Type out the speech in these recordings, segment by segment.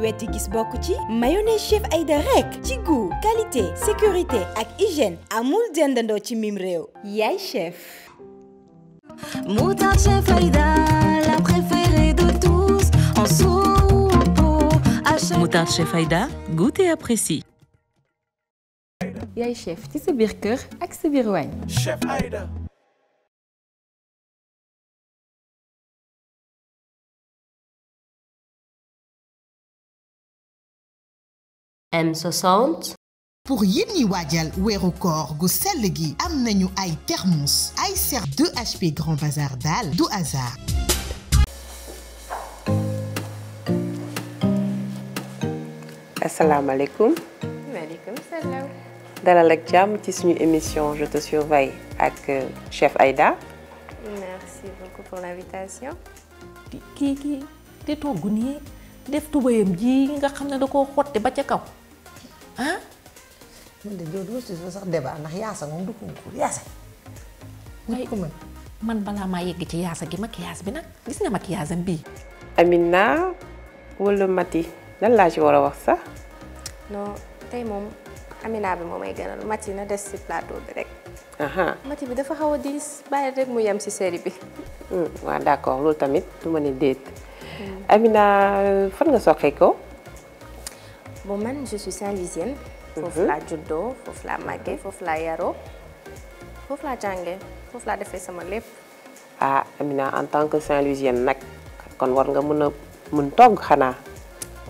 wetti gis bokk ci mayonnaise chef Aïda rek ci goût qualité sécurité ak hygiène amul dendandoo ci mim rew yaay chef moutarde chef Aïda la préférée de tous en sauce ou en pot moutarde chef Aïda goûte et apprécie yaay chef ci sa biir kër ak sa biir chef Aïda M60 pour Yini Wadial waajal koor gu ay thermos ay ser 2HP Grand Bazar daal du hasard asalaamaaleykum maaleykum salaam dalal ak jàmm ci suñu émission je te surveille avec euh, chef Aïda merci beaucoup pour l'invitation Qui kii te toi def tubayam jii nga xam ne da koo xotti ba ca kaw ah. man de loolu aussi sax débat ndax yaasa moom du ko mën yaasa. ko mën man balaa maa yegg ci yaasa gi maquillage bi nag gis nga maquillage am bii. Amina wala Mati lan laa ci war a wax sax. non tey moom Amina bi moo may gënal Mati na des ci plateau bi rek. Mati bi dafa xaw a diis bàyyi rek mu yem ci série bi. Hmm, waaw d'accord loolu tamit du ma ne déet. Amina euh, fan nga sokeko? ko. bon man je suis Saint-Louisienne. Mhm. Fof la judo, fof la màggee mhm. fof la yaro. Fof la jàngee fof la defé sama lépp. ah Amina en tant que Saint-Louisienne nak, kon war nga mën a mën togg xana.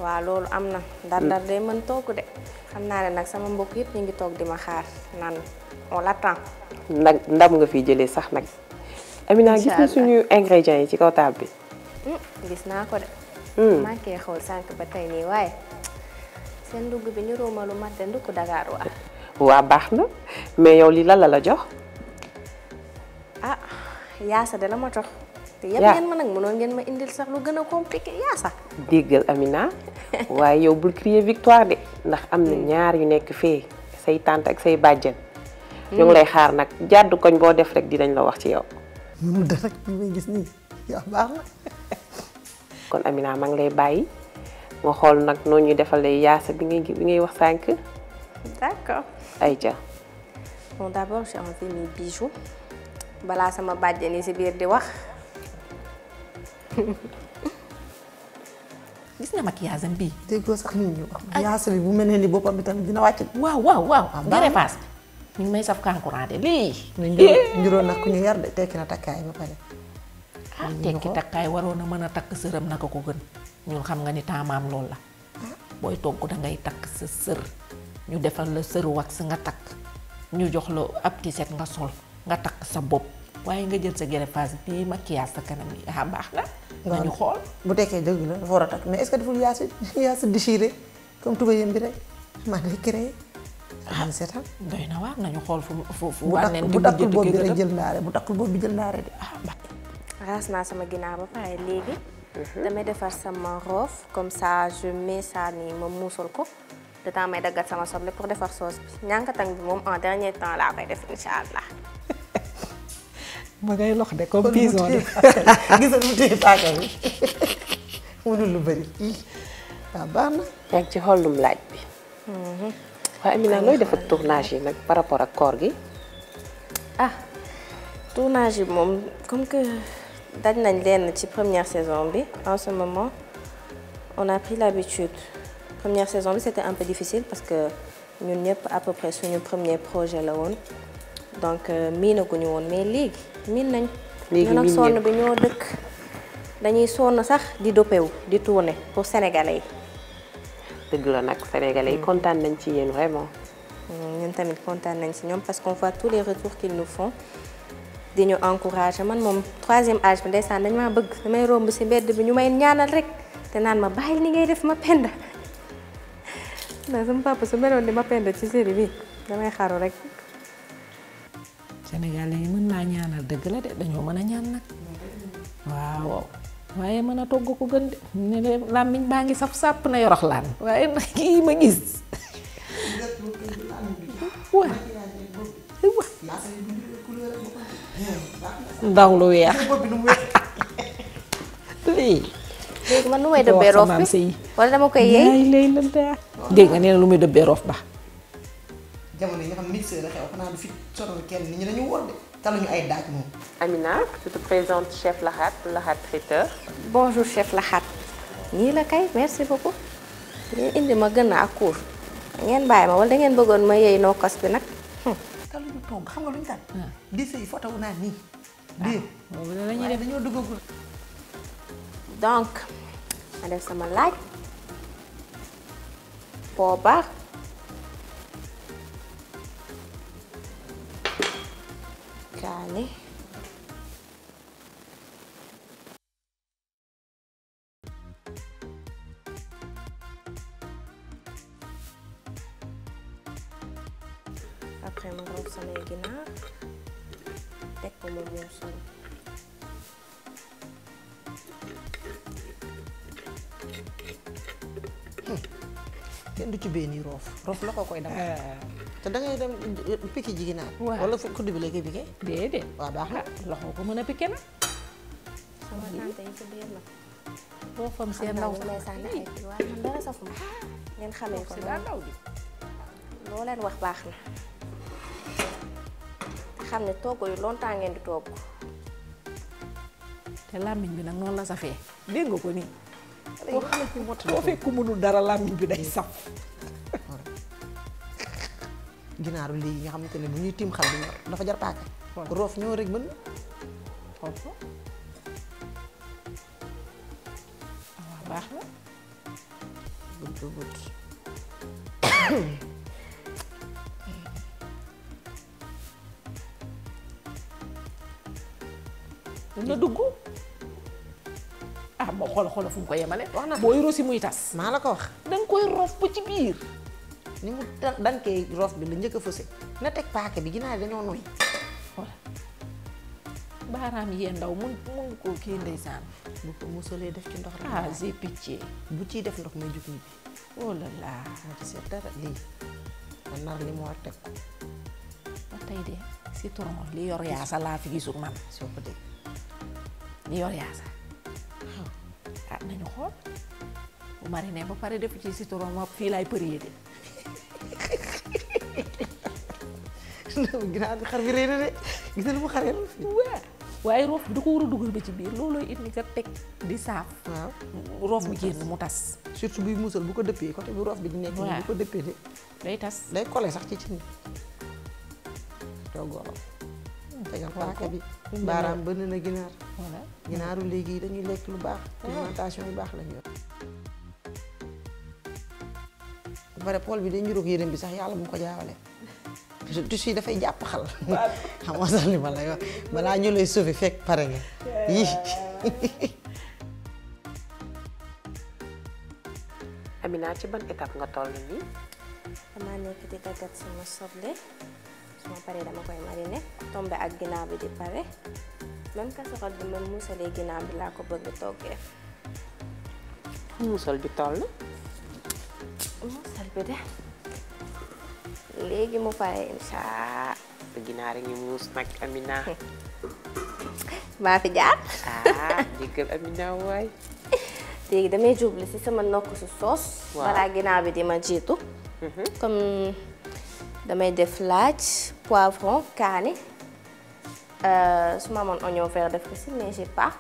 Wa loolu amna, dar mm. dar day mën togg dé. Xamna né nak sama mbokk yëpp ñi ngi toog di ma xaar nan. on l'attend. nag ndam nga fi jëlé sax nak. Amina gis na suñu ingrédients yi ci kaw table bi. Hm, gisna ko de hmm. ma ke xol sank ba tay ni way sen dugg bi ni roma lu mat den ko dakar wa wa baxna mais yow li la la jox ah yaasa de la ma jox te yépp ngeen ma nag mënoon ngeen ma indil sax lu gën a compliqué yaasa déggal amina waaye yow bul crier victoire de ndax am na hmm. ñaar yu nekk fee say tante ak say bàjjen ñu ngi hmm. lay xaar nag jàddu koñ boo def rek dinañ la wax ci yow mënul dara rek bi may gis nii ya, kon amina mang lay bayyi nga xol nak no ñu defalé yaasa bi ngay bi ngay wax sank d'accord. ja bon d'abord j'ai enlevé mes bijoux bala sama ni ci biir di wax. gis na maquillage am bii. go sax ñu ñu wax. yaasa bi bu mel ni bopam bi tam dina wacc waaw waaw waaw. gërëm ah, paas ñu may saf kankuraan de lii. ñu ñu nag ku ñu yar de tekki na ba pare tekki takkaay waroon a mën a takk sëram naka ko gën ñun xam nga ni taamaam loolu la booy togg da ngay takk sa sër ñu defal le sëru wax nga tak ñu jox la ab set nga sol nga takk sa bopp waaye nga jël sa greffage bii maquillage sa kanam yi ah baax na nañu xool bu tekkee dëgg la dafa war a takk mais est ce que deful yaa si yaa si déchiré comme tubayam bi rek maa créé am na nañu fu fu fu bu takul boobu bi jël bu takul boobu bi jël ndaare de raxas naa sama ginaar ba pare léegi damay defar sama rof comme ça je mets ça nii ma muusal ko de temps may daggat sama soble pour defar sauce bi ñànkatang bi moom en dernier temps laa koy def incha allah. ma ngay lox de comme pison de gisal mu téye paaka bi mënul lu bëri waaw ah, baax na. yaa ngi ci xollum laaj bi. Mhm. waaye Amina looy def ak tournage yi nag par rapport ak koor gi. ah tournage yi moom comme que. C'est la première saison bi en ce moment on a pris l'habitude première saison c'était un peu difficile parce que nous sommes à peu près suñu premier projet la woon donc euh, miinaguñu woon mais on miin nañ ñun ak sonn bi ñoo dëkk dañuy sonn sax di doppewu di tourner pour sénégalais yi dëgg la nag sénégalais yi mm. kontaan nañ ci vraiment mm, ñun tamit contents nañ ci parce qu'on voit tous les retours qu'ils nous font di ñu encouragé man 3e âge bi ndaysan dañ ma bëgg damay romb ci mbedd bi ñu may ñaanal rek té naan ma bayil ni ngay def ma penda na sama papa su meloon di ma penda ci série bi damay xaru rek Sénégal yi mën naa ñaanal dëgg la de dañoo mën a ñaan nag waaw waaye mën a togg ko gën de ne de làmmiñ baa ngi sàpp na yorox laan waaye nag kii ma gis Ndang lu weex lii léegi man nu may dëbbee roof bi wala dama koy yeey lay la daa dégg nga nee na lu muy dëbbee roof ba jamono ni nga xam mixeur la xew xana du fi soro kenn ni ñi dañu wor de taluñu ay daaj mo. Amina tu te présente chef Lahat Lahat traiteur bonjour chef Lahat Ni la kay merci beaucoup Ni indi ma gëna a ak kuur ngeen bàyyi wala da ngeen bëggoon ma yey no kos bi nag togg xam nga lu ñu tànn. lycée yi foto wu naa nii. Ah, biir waaye dañoo duggagul. donc ma def sama laaj poobar kaani. après-midi samaya ginaar teg ko moom moo sol kenn du ci benni rof rof la ko koy dama te da ngay dem piki ji wala kudd bi la koy piqué déedéet waaw baax na loxo ko na sama iya. tante yi ci biir la roofam seen ndaw man dara ngeen xam ne togg yu longtemps ngeen di togg. te làmmiñ bi nag noonu la safee dégg ko nii. boo fekk mënul dara làmmiñ bi day saf. ginaaru lii nga xamante ne bu ñuy tiim xal bi dafa jar paaka. roof ñoo rek mën. xam nga xoola xoola fu ko wax na boo yoroo muy tas. maa la ko wax. da nga koy rof ba ci biir. ni mu dankee rof bi la njëkk a fëse na teg paaka bi ginaar dañoo noy baaraam yee ndaw mun mun koo kii ndeysaan bu ko musalee def ci ndox rek ah bu ciy def ndox may jug ñi bi oh la la dara lii ma nar li mu war teg ko ba tey de citron li yor yaasa laa fi gisul man soo ko dégg li yor yaasa nañu xool bu mariner ba pare def ci citron ma fii laay përiyee de ginaar bi xar bi rëy na de gis na lu mu xaree waaye roof bi da ko war a dugal ba ci biir loolooy it ni nga teg di saaf waaw roof bi génn mu tas surtout buy muusal bu ko dëppee côté bu roof bi di nekk bu ko dëppee de day tas day collé sax ci cin toggoo hmm. baaraam bënn na ginaar ginaaru léegi yi dañuy lekk lu baax alimentation yu baax lañu yor ba pare pool bi day njuróog yërëm bi sax yàlla mu ko jaawale tissu yi dafay jàpp xal xam nga sax li ma lay wax balaa ñu lay sauver fekk pare nga yi Amina ci ban étape nga toll nii dama nekk di tàggat sama soble su ma dama koy mariner tombe ak ginaar bi di pare man kasa ka dumun mo sa lagi na ambil ako ba ito, Gef? Ano sa lagi talo? Ano sa lagi da? Lagi mo snack, Amina. Mafi dyan? Ah, hindi ka Amina, why? Tiga da may jubli si sa manok ko sa sos. di masjid tuh, -hmm. Kung da may deflage, Je euh, ma oignon vert de fruits mais j'ai pas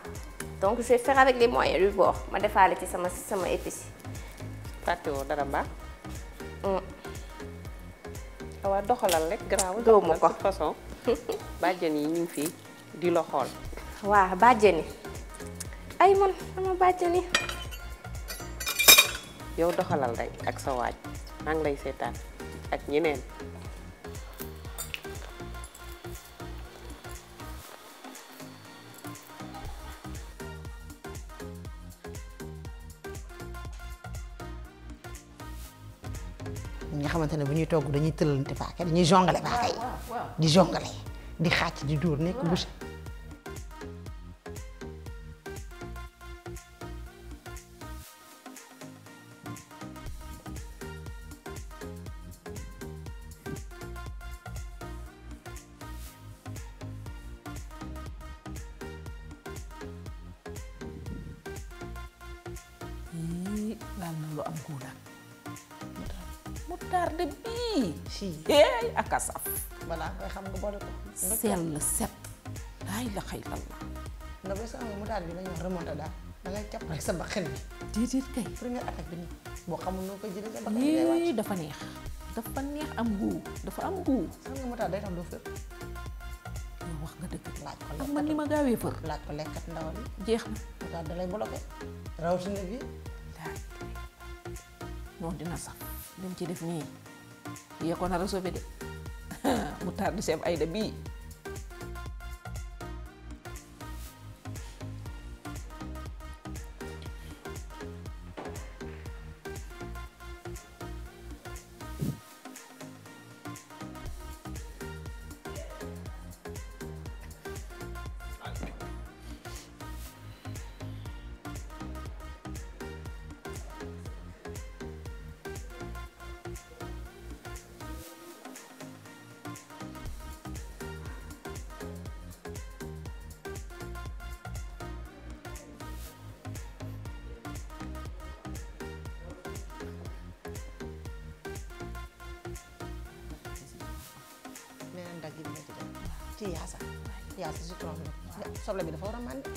donc je vais faire avec les moyens du bord ma ci sama sama épices avec dara Je vais faire rek moyens. Je façon faire avec Badjani, moyens. di faire avec moyens. Je ay mon sama yow vais faire ak sa moyens. Je lay avec xamante ne bu ñuy togg dañuy tëlalante paaka dañuy jongale paaka yi di jongale di xàcc di dóor nekk bouche daal milliard de bii yeey ak a wala nga xam nga boole ko sel le set ay la xëy lalla nga be sa mu dal bi dañu remonter da da ngay cap rek sa bakkan bi déedéet kay première attaque bi bo boo xamul noo koy jëlee ba ay bi dafa neex dafa neex am guu dafa am bu sa kan nga mu daal day tax do feur ñu ya, wax nga dëgg laaj ko lekkat man ni ma gawé feur laaj ko lekkat ndawal jeex na da daal dalay bloqué ya. rawatina bi laaj iya. noonu dina sax li mu ci def nii yee ko nar a sauvé de mu tardu seen ayda bii kii yaasa yaasa si tool bi soble bi dafa war a màndi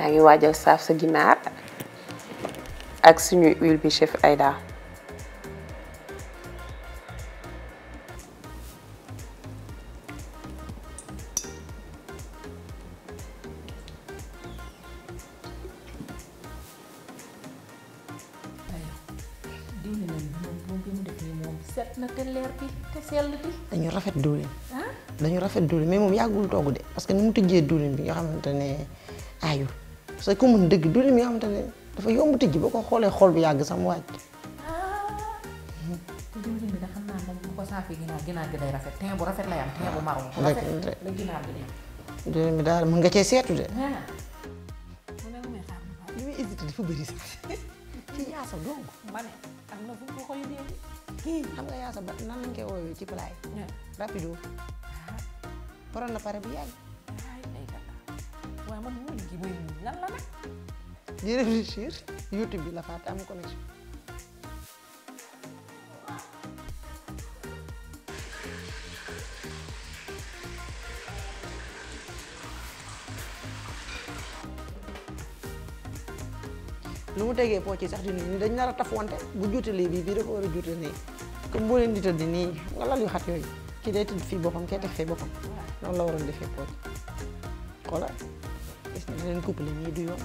yaa ngi waajal saaf sa ginaar ak suñu huile bi chef Aïda dañu rafet diwlin ah? dañu rafet diwlin mais moom yàggul togg de parce que ni mu tëjee diwlin bi nga xamante ne aayul parce que ku mën dëgg du lim yoo xamante ne dafa yomb tijji boo ko xoolee xol bi yàgg sax mu wàcc. Ah. diwlin bi nag xam naa moom bu ko saafee ginaar ginaar gi day rafet bu rafet lay am teint bu marron. rafet la ginaar gi day am. daal mën nga cee seetu de. Ah. li mu hésité dafa bëri sax ci yaasa dong. am na fu ko koy dee. kii xam nga yaasa ba nan lañ koy woowee ci plat yi. Ah. rapido. waroon na pare bu yàgg. la di YouTube bi la faate am connexion lu mu tegee pooc sax di ni dañ nar a taf wante bu juutalee bi bii dafa wara a ni comme boo di tedd ni nga lal yu xat yoy ki day tedd fi bopam kee teg fi bopam non la defé defee ko la Denen koppelingen gidiyor.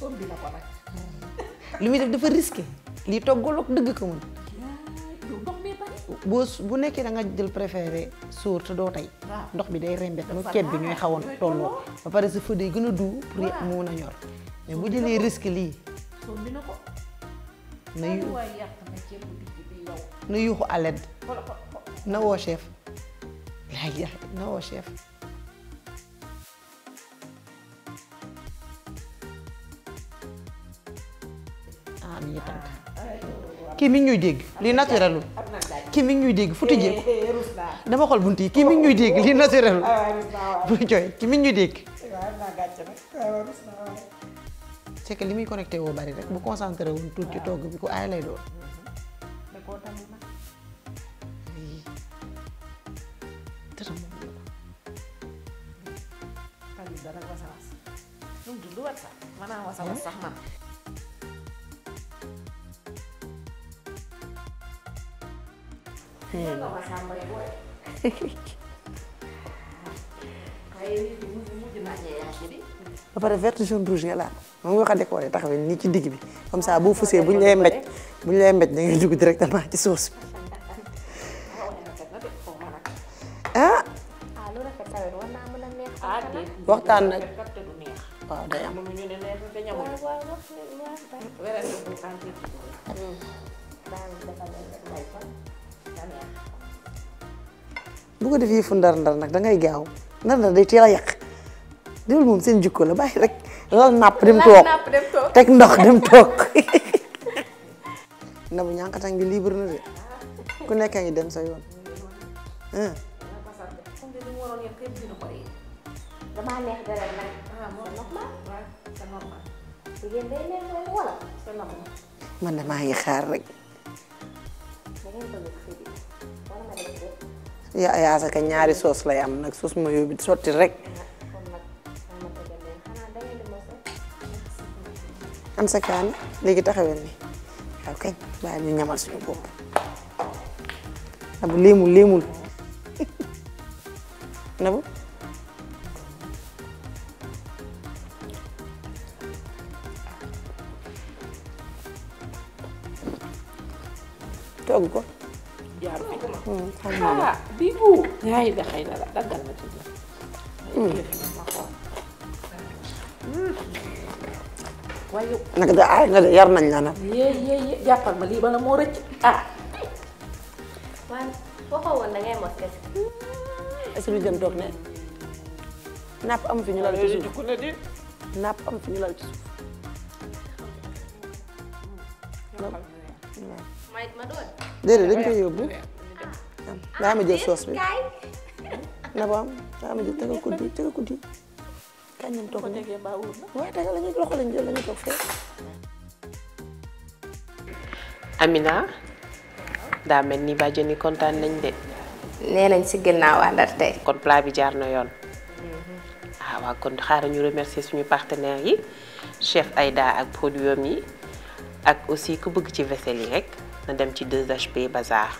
son bi la ko nag. li def dafa risqué ko boo bu nekké da nga jël préféré suur te doo tey ndox bi day rembé mu ceeb bi ñoy xawon tolloo ba paré ce feu yi gëna a pour yëpp na ñor mais bu jëlé risque li na yu na yuuxu aled na wo chef laay jax na wo chef ah mi ngi tànk ah, kii mi ngi dégg lii naturelul kii mi ngi ñuy dégg futu jéem eh, eh, dama xool bunt yi kii mi ñuy dégg lii naturel bu jooy kii mi ngi ñuy dégg c'est li muy connecté woo bari rek bu concentré woon tuut ci ah. togg bi ku aay lay doon mm-hmm. hmm? sax man. ba pare verte jaune rouge nga laal moom nga ko décoré taxawee nii ci digg bi comme ça boo fusee bu ñu lay mbéj bu ñu lay mbéj da ngay dugg directement ci sauce bi. ah. waxtaan nag bu ko defee fu ndar-ndar nag da gaaw ndar-ndar day teel a yàq diwul moom seen jikko la bàyyi rek lal napp dem toog teg ndox dem toog. ndabu ñànkata ngi libre na de ku nekk ngi dem sa yoon. damaa ah, man damaa ngi xaar rek. yaa yaa ka ñaari soos lay am nag soos ma yóbbu sotti rek am sa kaani léegi taxawel ni waaw kañ bàyyi ñu ñamal suñu bopp nabu léemul léemul nabu togg ko. jaar bi ah Bibou. ñaari dafay dara daggal ma ci waaye. nag de iya, aay iya, na yar nañ la nag. yee yee yee jàppal ma bala ah. waaw boo ko da ngay mos kese. est lu ne Nap am fi ñu lal ci suuf napp am fi ñu ci suuf. déedéet dañ koy yóbbu. daa ma jël soos bi na ba am jël tegal kuddi tegal kuddi kañ lañ toog nii waaw tegal lañuy loxo lañ jël lañuy toog fee. Amina daa mel ni bàjjen kontaan nañ de. nee nañ si ginnaaw àndal tey. kon plat bi jaar na yoon. ah kon xaaral ñu remercier suñu partenaires yi chef Aïda ak produit yi. ak aussi ku bëgg ci vaisselle yi rek na dem ci 2HP Bazar.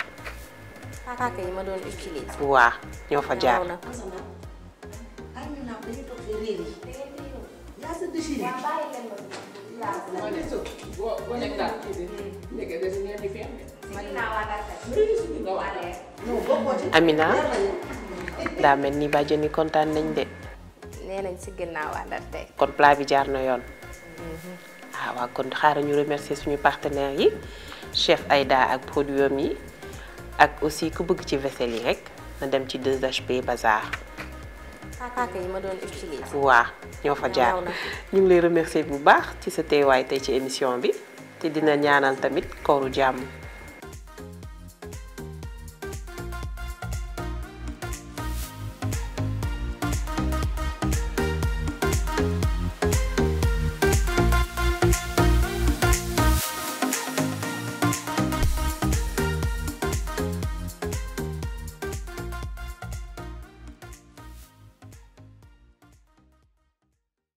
paakaaka yi ma doon utiliser. waaw ñoo fa jaar. Amina daa mel ni bàjjeni kontaan nañ de. nee nañ si ginnaaw àndal tey. kon plat bi jaar na yoon. Mhm. ah waaw kon xaaral ñu remercier suñu partenaire yi chef Aïda ak produit mi ak aussi ku bëgg ci vaisselle yi rek na dem ci 2HP Bazar. paaka yi ma doon utiliser. waaw ñoo fa jaar ñu ngi lay remercier bu baax ci sa teewaay tey ci émission bi te dina ñaanal tamit kooru jàmm.